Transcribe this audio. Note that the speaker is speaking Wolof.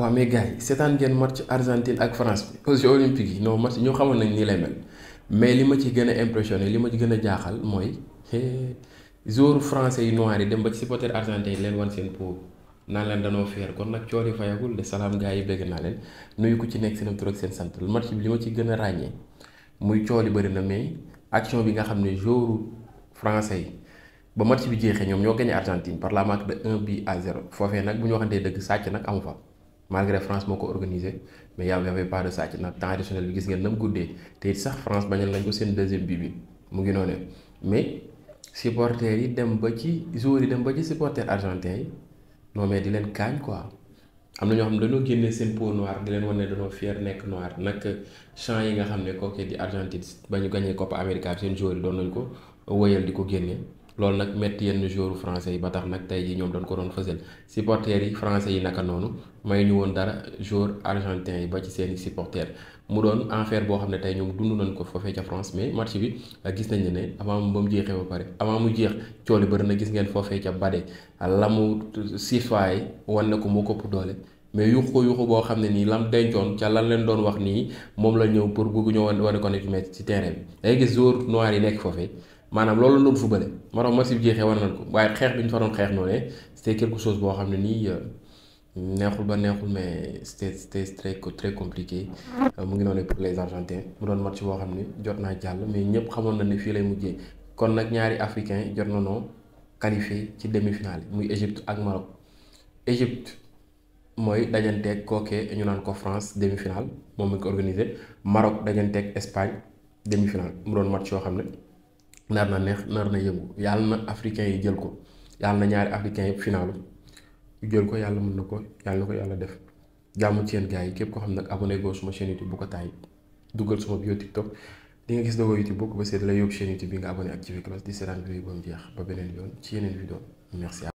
waaw mais gars yi seetaan ngeen match Argentine ak France bi aux Jeux yi non match ñoo xamoon nañ nii lay mel mais li ma ci gën a impressionné li ma ci gën a jaaxal mooy joueur français yi noir yi dem ba ci supporter argentin yi leen wan seen po naan leen danoo feer kon nag coori fayagul de salaam gars yi bëgg naa leen nuyu ku ci nekk seen tur ak seen sant match bi li ma ci gën a ràññee muy cooli bëri na mais action bi nga xam ne joueur français yi ba ñoom ñoo gagné Argentine par la marque de 1 but à 0 foofee nag bu ñu waxantee dëgg fa. malgré France moo ko organisé mais y avait pas de sàcc nag temps bi gis ngeen na mu guddee te it sax France bañal nañ ko seen deuxième bi bi mu ngi noonu mais supporters yi dem ba ci joueurs yi ba ci supporters argentins yi non mais di leen kaañ quoi am na ñoo xam ne dañoo génne seen peau noire di leen wan ne dañoo fier nekk noir nag champs yi nga xam ne kooku di Argentine ba ñu gagné Copa América seen joueurs yi doon nañ ko wëyal di ko génnee loolu nag métti yenn joueurs francais yi ba tax nag tey jii ñoom dañ ko doon fësal supporters yi français yi naka noonu may ñu woon dara joueurs argentins yi ba ci seeni supporters mu doon enfer boo xam ne tey ñoom dund nañ ko foofee ca France mais match bi euh, gis nañ ne avant ba mu jeexee ba pare avant mu jeex coole bëri na gis ngeen foofee ca Bade la mu sifaay wan na ko moo kopp doole. mais yuxu ko yuxu boo xam ne nii lam dencoon ca lan leen doon wax nii moom la ñëw pour bëgg ñëw wane ko ne ci terrain bi day gis joueurs noirs yi nekk foofee. maanaam loolu la doon fubale maanaam match bi jeexee war nañ ko waaye xeex bi ñu fa doon xeex noonu c'était quelque chose boo xam ne nii euh, neexul ba neexul mais c'était c'était très très compliqué euh, mu ngi ne pour les Argentins mu doon match boo xam ne jot naa jàll mais ñëpp xamoon na ne fii lay mujjee kon nag ñaari africain jot na noo qualifié ci demi-finale muy Égypte ak Maroc Égypte mooy dajanteeg kookee ñu naan ko France demi-finale moom mi ko organisé Maroc dajanteeg Espagne demi-finale mu doon match yoo xam ne. nar na neex nar na yëngu yal na africain yi jël ko yàlla na ñaari africain yëpp final yu jël ko yàlla mën na ko yàlla ko yàlla def jàmm ci yéen yi képp ko xam nag abonné goo suma chaîne YouTube bu ko taay duggal suma bio TikTok di nga gis dogo YouTube boo ko bësee da lay yóbbu chaîne YouTube bi nga abonné activé cloche di seetaan vidéo ba mu jeex ba beneen yoon ci yeneen vidéo merci